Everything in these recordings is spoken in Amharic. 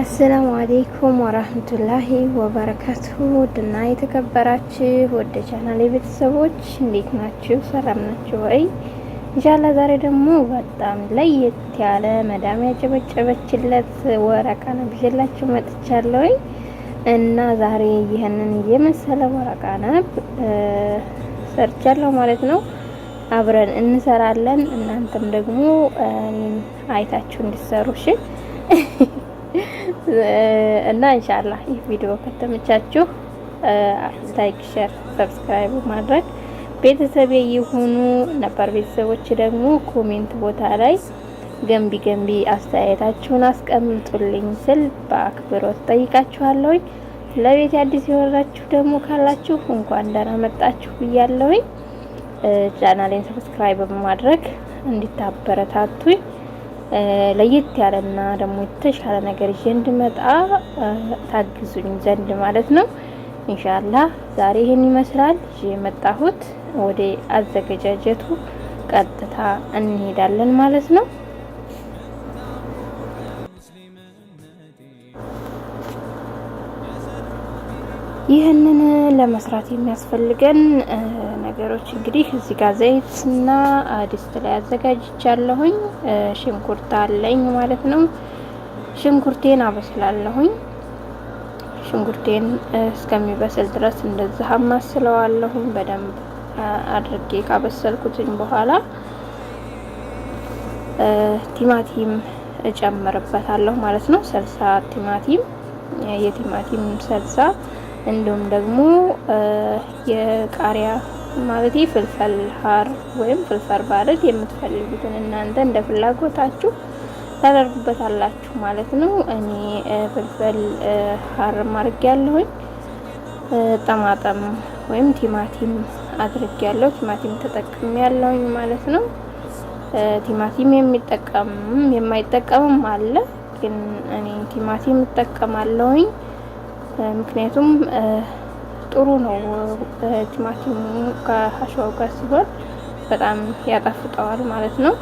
አሰላሙ አሌይኩም ወራህመቱላሂ ወበረካቱሁ ውድና የተከበራችሁ ወደ ቻናል ቤተሰቦች እንዴት ናችሁ? ሰላም ናችሁ ወይ? እንሻላ ዛሬ ደግሞ በጣም ለየት ያለ መዳም ያጨበጨበችለት ወረቃ ነው ብዬላችሁ መጥቻለሁ እና ዛሬ ይህንን የመሰለ ወረቃ ነብ ሰርቻለሁ ማለት ነው። አብረን እንሰራለን። እናንተም ደግሞ አይታችሁ እንዲሰሩ እሺ እና እንሻላ ይህ ቪዲዮ ከተመቻችሁ ላይክ፣ ሼር፣ ሰብስክራይብ ማድረግ ቤተሰብ የሆኑ ነበር። ቤተሰቦች ደግሞ ኮሜንት ቦታ ላይ ገንቢ ገንቢ አስተያየታችሁን አስቀምጡልኝ ስል በአክብሮት ጠይቃችኋለሁኝ። ለቤት አዲስ የወራችሁ ደግሞ ካላችሁ እንኳን ደህና መጣችሁ ብያለሁኝ። ቻናሌን ሰብስክራይብ በማድረግ እንዲታበረታቱኝ ለየት ያለና ደግሞ የተሻለ ነገር ይዤ እንድመጣ ታግዙኝ ዘንድ ማለት ነው። ኢንሻአላህ ዛሬ ይሄን ይመስላል የመጣሁት። ወደ አዘገጃጀቱ ቀጥታ እንሄዳለን ማለት ነው። ይህንን ለመስራት የሚያስፈልገን ነገሮች እንግዲህ እዚህ ጋር ዘይትና ድስት ላይ አዘጋጅቻለሁኝ። ሽንኩርት አለኝ ማለት ነው። ሽንኩርቴን አበስላለሁኝ። ሽንኩርቴን እስከሚበስል ድረስ እንደዚህ አማስለዋለሁኝ። በደንብ አድርጌ ካበሰልኩትኝ በኋላ ቲማቲም እጨምርበታለሁ ማለት ነው። ሰልሳ ቲማቲም የቲማቲም ሰልሳ እንዲሁም ደግሞ የቃሪያ ማለት ፍልፈል ሀር ወይም ፍልፈል ባረድ የምትፈልጉትን እናንተ እንደ ፍላጎታችሁ ታደርጉበታላችሁ ማለት ነው። እኔ ፍልፈል ሀር ማድረግ ያለሁኝ ጠማጠም ወይም ቲማቲም አድርግ ያለው ቲማቲም ተጠቅም ያለውኝ ማለት ነው። ቲማቲም የሚጠቀምም የማይጠቀምም አለ፣ ግን እኔ ቲማቲም እጠቀማለሁኝ። ምክንያቱም ጥሩ ነው። ቲማቲሙ ከአሸዋው ጋር ሲሆን በጣም ያጣፍጠዋል ማለት ነው።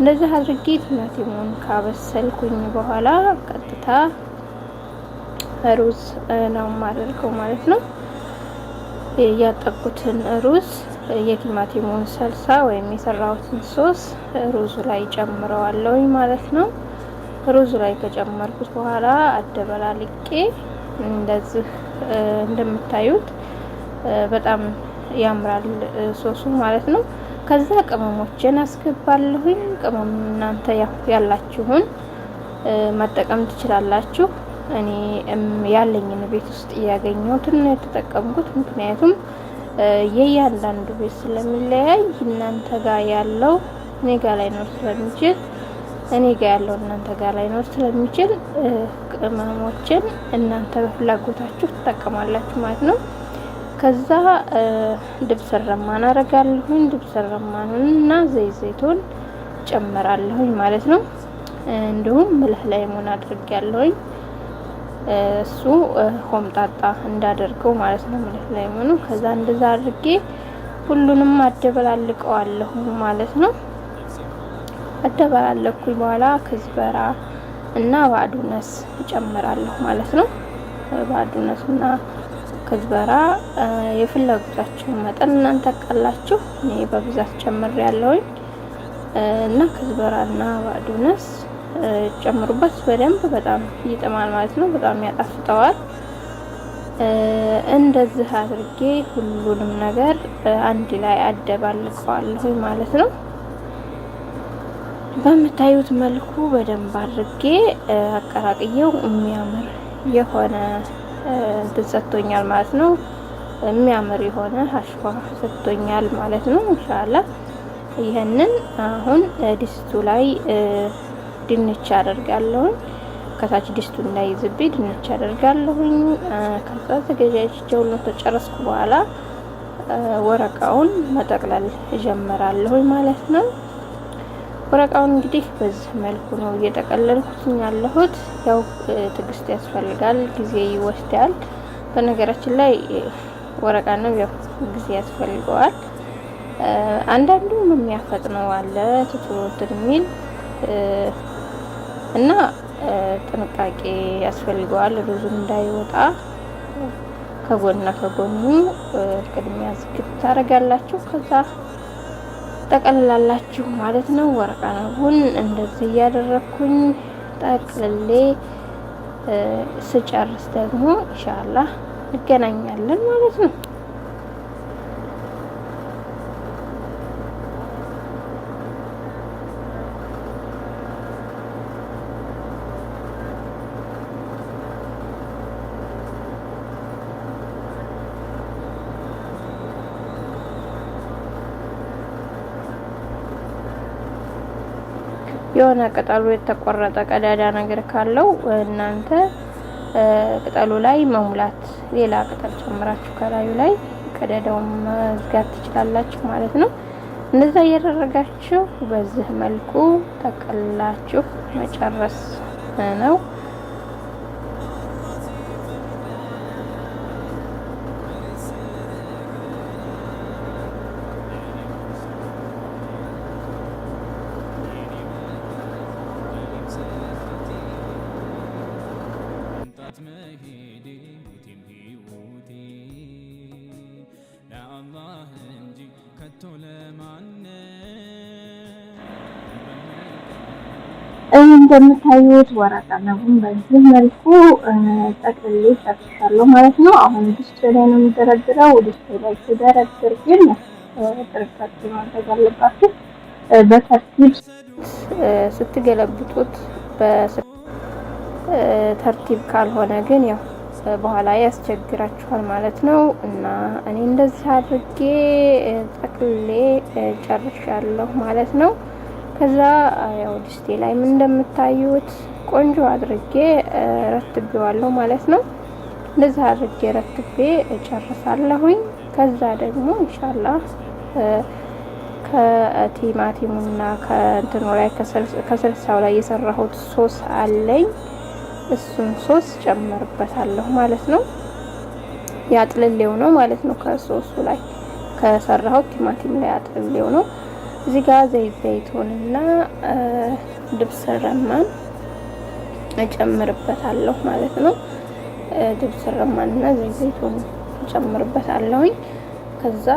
እንደዚህ አድርጌ ቲማቲሙን ካበሰልኩኝ በኋላ ቀጥታ ሩዝ ነው የማደርገው ማለት ነው። ያጠቁትን ሩዝ የቲማቲሙን ሰልሳ ወይም የሰራሁትን ሶስ ሩዙ ላይ ጨምረዋለሁኝ ማለት ነው። ሩዙ ላይ ከጨመርኩት በኋላ አደበላልቄ እንደዚህ እንደምታዩት በጣም ያምራል ሶሱ ማለት ነው። ከዛ ቅመሞችን አስገባለሁኝ። ቅመም እናንተ ያላችሁን መጠቀም ትችላላችሁ። እኔ ያለኝን ቤት ውስጥ እያገኘሁትን ነው የተጠቀምኩት። ምክንያቱም የእያንዳንዱ ቤት ስለሚለያይ እናንተ ጋር ያለው እኔ ላይ ነው ስለሚችል እኔ ጋር ያለው እናንተ ጋር ላይኖር ስለሚችል ቅመሞችን እናንተ በፍላጎታችሁ ትጠቀማላችሁ ማለት ነው። ከዛ ድብስ ረማን አረጋለሁኝ። ድብስ ረማኑን እና ዘይት ዘይቱን ጨምራለሁኝ ማለት ነው። እንዲሁም ምልህ ላይሙን አድርጌያለሁኝ። እሱ ሆምጣጣ እንዳደርገው ማለት ነው። ምልህ ላይሙኑ ከዛ እንደዛ አድርጌ ሁሉንም አደበላልቀዋለሁ ማለት ነው። አደበላለኩኝ በኋላ ክዝበራ እና ባዱነስ እጨምራለሁ ማለት ነው። ባዱነስ እና ክዝበራ የፍላጎታችሁን መጠን እናንተ አውቃላችሁ። እኔ በብዛት ጨምር ያለውኝ እና ክዝበራ እና ባዱነስ ጨምሩበት በደንብ በጣም ይጥማል ማለት ነው። በጣም ያጣፍጠዋል። እንደዚህ አድርጌ ሁሉንም ነገር አንድ ላይ አደባልቀዋለሁ ማለት ነው። በምታዩት መልኩ በደንብ አድርጌ አቀላቅየው የሚያምር የሆነ እንትን ሰጥቶኛል ማለት ነው። የሚያምር የሆነ ሀሽዋ ሰጥቶኛል ማለት ነው። እንሻላ ይህንን አሁን ድስቱ ላይ ድንች አደርጋለሁኝ። ከታች ድስቱ እንዳይዝብኝ ድንች አደርጋለሁኝ። ከዛ ተገዣጅቸው ተጨረስኩ በኋላ ወረቃውን መጠቅለል እጀምራለሁኝ ማለት ነው። ወረቃውን እንግዲህ በዚህ መልኩ ነው እየጠቀለልኩት ያለሁት። ያው ትዕግስት ያስፈልጋል፣ ጊዜ ይወስዳል። በነገራችን ላይ ወረቃ ነው ያው ጊዜ ያስፈልገዋል። አንዳንዱ የሚያፈጥ ነው አለ ትቶት የሚል እና ጥንቃቄ ያስፈልገዋል። ሩዙ እንዳይወጣ ከጎንና ከጎኑ ቅድሚያ ዝግት ታደርጋላችሁ ከዛ ታጠቀልላላችሁ ማለት ነው። ወርቀነቡን እንደዚህ እያደረግኩኝ ጠቅልሌ ስጨርስ ደግሞ ኢንሻአላህ እንገናኛለን ማለት ነው። የሆነ ቅጠሉ የተቆረጠ ቀዳዳ ነገር ካለው እናንተ ቅጠሉ ላይ መሙላት ሌላ ቅጠል ጨምራችሁ ከላዩ ላይ ቀዳዳውን መዝጋት ትችላላችሁ ማለት ነው። እንደዛ እያደረጋችሁ በዚህ መልኩ ጠቅላችሁ መጨረስ ነው። እንደምታዩት ወራጣ ነቡን በዚህ መልኩ ጠቅልሌ ጨርሻለሁ ማለት ነው። አሁን ድስት ላይ ነው የሚደረድረው። ድስት ላይ ሲደረድር ግን ጥንቃቄ ማድረግ አለባችሁ። በተርቲብ ስትገለብጡት በተርቲብ ካልሆነ ግን ያው በኋላ ያስቸግራችኋል ማለት ነው። እና እኔ እንደዚህ አድርጌ ጠቅልሌ ጨርሻለሁ ማለት ነው። ከዛ ያው ድስቴ ላይ ምን እንደምታዩት ቆንጆ አድርጌ ረትቤዋለሁ ማለት ነው። እንደዛ አድርጌ ረትቤ እጨርሳለሁኝ። ከዛ ደግሞ ኢንሻላ ከቲማቲሙና ከእንትኑ ላይ ከስልሳው ላይ የሰራሁት ሶስ አለኝ። እሱን ሶስ ጨምርበታለሁ ማለት ነው። ያጥልሌው ነው ማለት ነው። ከሶሱ ላይ ከሰራሁት ቲማቲም ላይ አጥልሌው ነው። እዚህ ጋር ዘይት ዘይቱንና ድብስ ረማን እጨምርበታለሁ ማለት ነው። ድብስ ረማንና ዘይት ዘይቱን እጨምርበታለሁኝ። ከዛ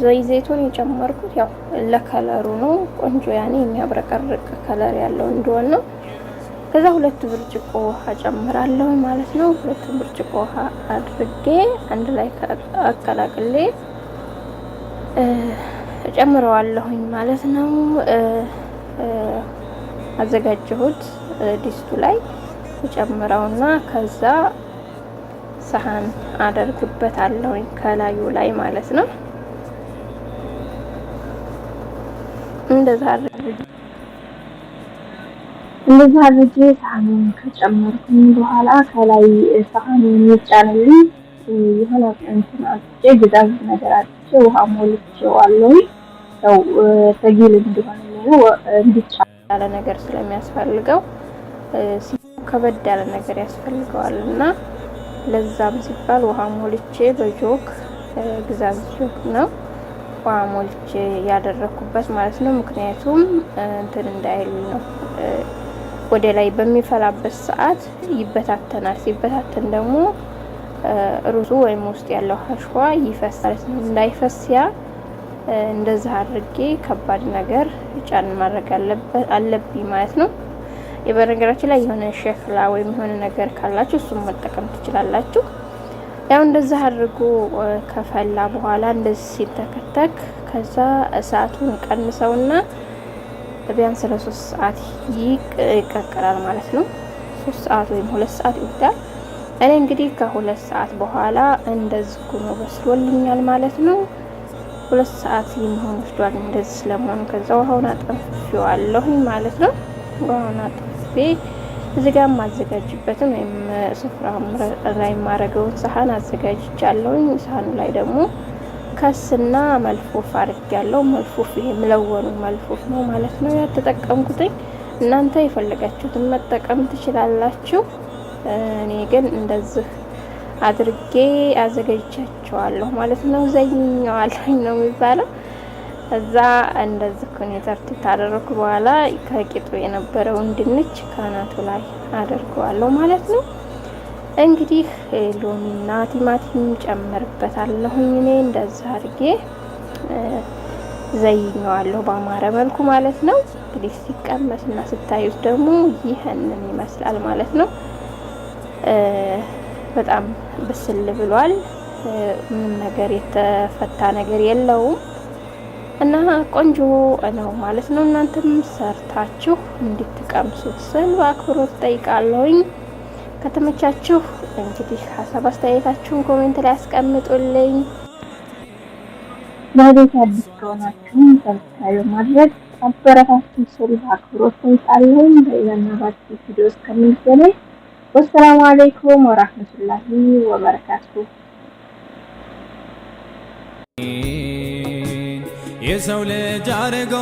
ዘይት ዘይቱን የጨመርኩት ያው ለከለሩ ነው። ቆንጆ ያኔ የሚያብረቀርቅ ከለር ያለው እንደሆነ ነው። ከዛ ሁለት ብርጭቆ ውሃ ጨምራለሁ ማለት ነው። ሁለት ብርጭቆ ውሃ አድርጌ አንድ ላይ አቀላቅሌ ጨምረዋለሁኝ ማለት ነው። አዘጋጀሁት ዲስቱ ላይ ጨምረውና ከዛ ሰሃን አደርግበታለሁኝ ከላዩ ላይ ማለት ነው። እንደዛ እንደዛ አድርጌ ሳህኑን ከጨመርኩኝ በኋላ ከላይ ሳህኑ የሚጫንልኝ የሆነ እንትን አድርጌ ግዛዝ ነገር አድርጌ ውሃ ሞልቼዋለሁኝ። ሰው ተጊል እንዲሆን እንዲቻለ ነገር ስለሚያስፈልገው ከበድ ያለ ነገር ያስፈልገዋል እና ለዛም ሲባል ውሃ ሞልቼ በጆክ ግዛዝ ጆክ ነው ውሃ ሞልቼ ያደረግኩበት ማለት ነው። ምክንያቱም እንትን እንዳይል ነው ወደ ላይ በሚፈላበት ሰዓት ይበታተናል። ሲበታተን ደግሞ ሩዙ ወይም ውስጥ ያለው ሀሽዋ ይፈሳል። እንዳይፈስ ያ እንደዚህ አድርጌ ከባድ ነገር ጫን ማድረግ አለብኝ ማለት ነው። በነገራችን ላይ የሆነ ሸክላ ወይም የሆነ ነገር ካላችሁ እሱም መጠቀም ትችላላችሁ። ያው እንደዚህ አድርጎ ከፈላ በኋላ እንደዚህ ሲተከተክ ከዛ እሳቱን ቀንሰውና ቢያንስ ለሶስት ሰዓት ይቀቀላል ማለት ነው። ሶስት ሰዓት ወይም ሁለት ሰዓት ይወዳል። እኔ እንግዲህ ከሁለት ሰዓት በኋላ እንደዚህ ሆኖ በስሎልኛል ማለት ነው። ሁለት ሰዓት የሚሆን ወስዷል። እንደዚህ ስለመሆኑ ከዛ ውሃውን አጠንፍፌዋለሁኝ ማለት ነው። ውሃውን አጠንፍፌ እዚህ ጋር ማዘጋጅበትን ወይም ስፍራ ላይ የማረገውን ሰሀን አዘጋጅቻለሁኝ። ሰሀኑ ላይ ደግሞ ከስና መልፎፍ አድርጊያለሁ። መልፎፍ ይሄ ምለወኑ መልፎፍ ነው ማለት ነው ያተጠቀምኩትኝ። እናንተ የፈለጋችሁትን መጠቀም ትችላላችሁ። እኔ ግን እንደዚህ አድርጌ አዘጋጅቻቸዋለሁ ማለት ነው። ዘይኛው አለኝ ነው የሚባለው። እዛ እንደዚህ ተርቲብ ታደረኩ በኋላ ከቂጡ የነበረውን ድንች ካናቱ ላይ አደርገዋለሁ ማለት ነው። እንግዲህ ሎሚና ቲማቲም ጨምርበታለሁ። እኔ እንደዛ አድርጌ ዘይኘዋለሁ በአማረ መልኩ ማለት ነው። እንግዲህ ሲቀመስና ስታዩት ደግሞ ይህንን ይመስላል ማለት ነው። በጣም ብስል ብሏል። ምንም ነገር የተፈታ ነገር የለውም እና ቆንጆ ነው ማለት ነው። እናንተም ሰርታችሁ እንድትቀምሱት ስል በአክብሮት ጠይቃለሁኝ። ከተመቻችሁ እንግዲህ ሀሳብ አስተያየታችሁን ኮሜንት ላይ አስቀምጡልኝ። በቤት አዲስ ከሆናችሁም ሰብስክራይብ ማድረግ አበረታችሁ ስል በአክብሮት ጠይቃለሁኝ። በሌላ ቪዲዮ እስከምንገናኝ ወሰላሙ አለይኩም ወራህመቱላሂ ወበረካቱ። የሰው ልጅ አርጎ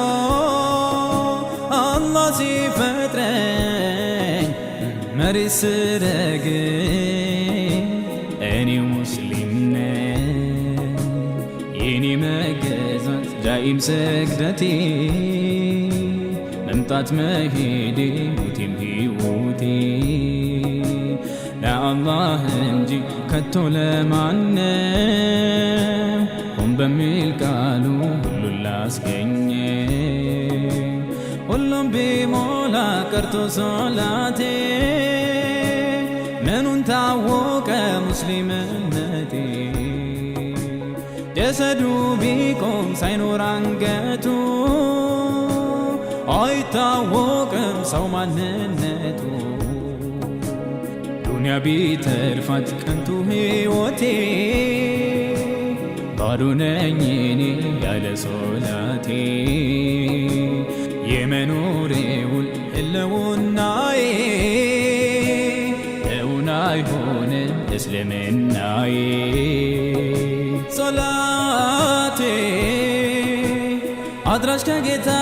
አላህ ሲፈጥረኝ መሪ ስረግ እኔ ሙስሊም ነኝ የኔ መገዛት ዳኢም ስግደቴ መምጣት መሄዴ ሙቴም ሕይወቴ ለአላህ እንጂ ከቶ ለማንም ሆን በሚል ቃሉ ሁሉን ላስገኝ ሁሉም ቢሞላ ቀርቶ ሶላቴ ምኑን ታወቀ ሙስሊምነቴ ጀሰዱ ቢቆም ሳይኖር አንገቱ አይታወቅም ሰው ማንነቱ ዱንያ ቢተርፋት ከንቱ ሕይወቴ ባዶ ነኝ እኔ ያለ ሶላቴ የመኖሬውን ህልውናዬ እውን አይሆንም እስልምናዬ ሶላቴ አድራሽ ከጌታ